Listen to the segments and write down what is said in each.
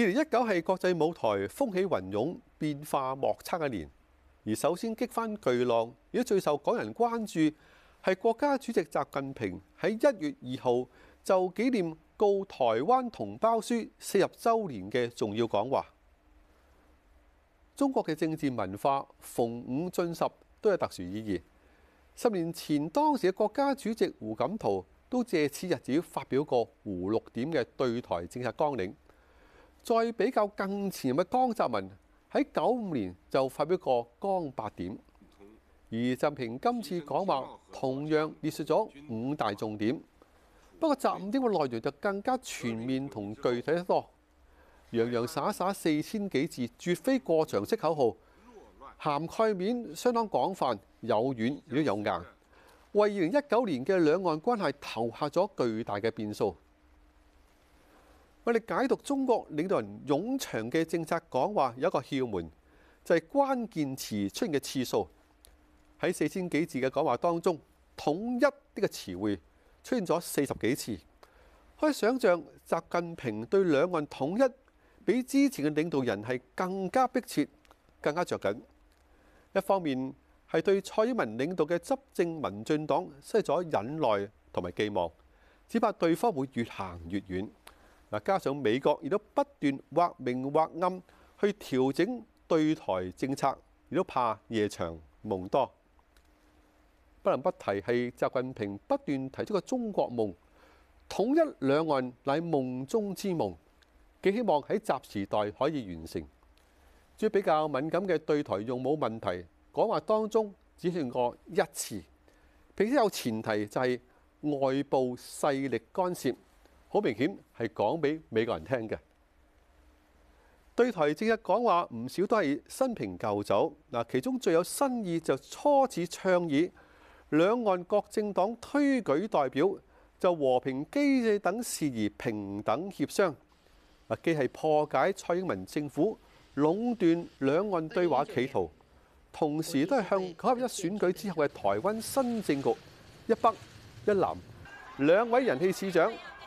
二零一九係國際舞台風起雲湧、變化莫測嘅年，而首先激翻巨浪，亦最受港人關注係國家主席習近平喺一月二號就紀念告台灣同胞書四十週年嘅重要講話。中國嘅政治文化逢五進十都有特殊意義。十年前，當時嘅國家主席胡錦濤都借此日子發表過胡六點嘅對台政策綱領。再比較更前嘅江澤民喺九五年就發表過江八點，而習近平今次講話同樣列述咗五大重點，不過習五點嘅內容就更加全面同具體得多，洋洋灑灑四千幾字，絕非過場式口號，涵蓋面相當廣泛，有軟亦都有硬，為二零一九年嘅兩岸關係投下咗巨大嘅變數。我哋解讀中國領導人冗長嘅政策講話有一個竅門，就係關鍵詞出現嘅次數喺四千幾字嘅講話當中，統一呢個詞彙出現咗四十幾次。可以想像，習近平對兩岸統一比之前嘅領導人係更加迫切、更加着緊。一方面係對蔡英文領導嘅執政民進黨失去咗忍耐同埋寄望，只怕對方會越行越遠。嗱，加上美國亦都不斷畫明畫暗去調整對台政策，亦都怕夜長夢多。不能不提係習近平不斷提出嘅中國夢，統一兩岸乃夢中之夢，既希望喺習時代可以完成。至於比較敏感嘅對台用武問題，講話當中只出現過一次，並且有前提就係外部勢力干涉。好明顯係講俾美國人聽嘅對台政嘅講話，唔少都係新瓶舊酒嗱。其中最有新意，就初次倡議兩岸各政黨推舉代表，就和平機制等事宜平等協商。既係破解蔡英文政府壟斷兩岸對話企圖，同時都係向九合一選舉之後嘅台灣新政局一北一南兩位人氣市長。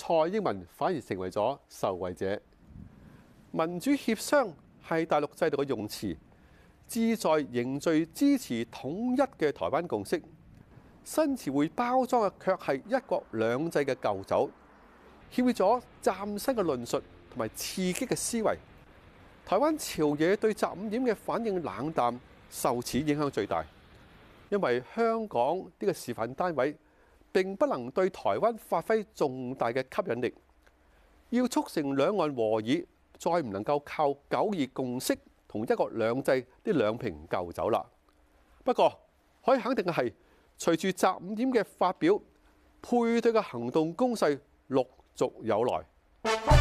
蔡英文反而成為咗受惠者。民主協商係大陸制度嘅用詞，志在凝聚支持統一嘅台灣共識。新詞彙包裝嘅卻係一國兩制嘅舊酒，欠缺咗嶄新嘅論述同埋刺激嘅思維。台灣朝野對習五點嘅反應冷淡，受此影響最大，因為香港呢個示範單位。並不能對台灣發揮重大嘅吸引力，要促成兩岸和議，再唔能夠靠九二共識同一國兩制呢兩瓶舊酒啦。不過可以肯定嘅係，隨住習五點嘅發表，配對嘅行動攻勢陸續有來。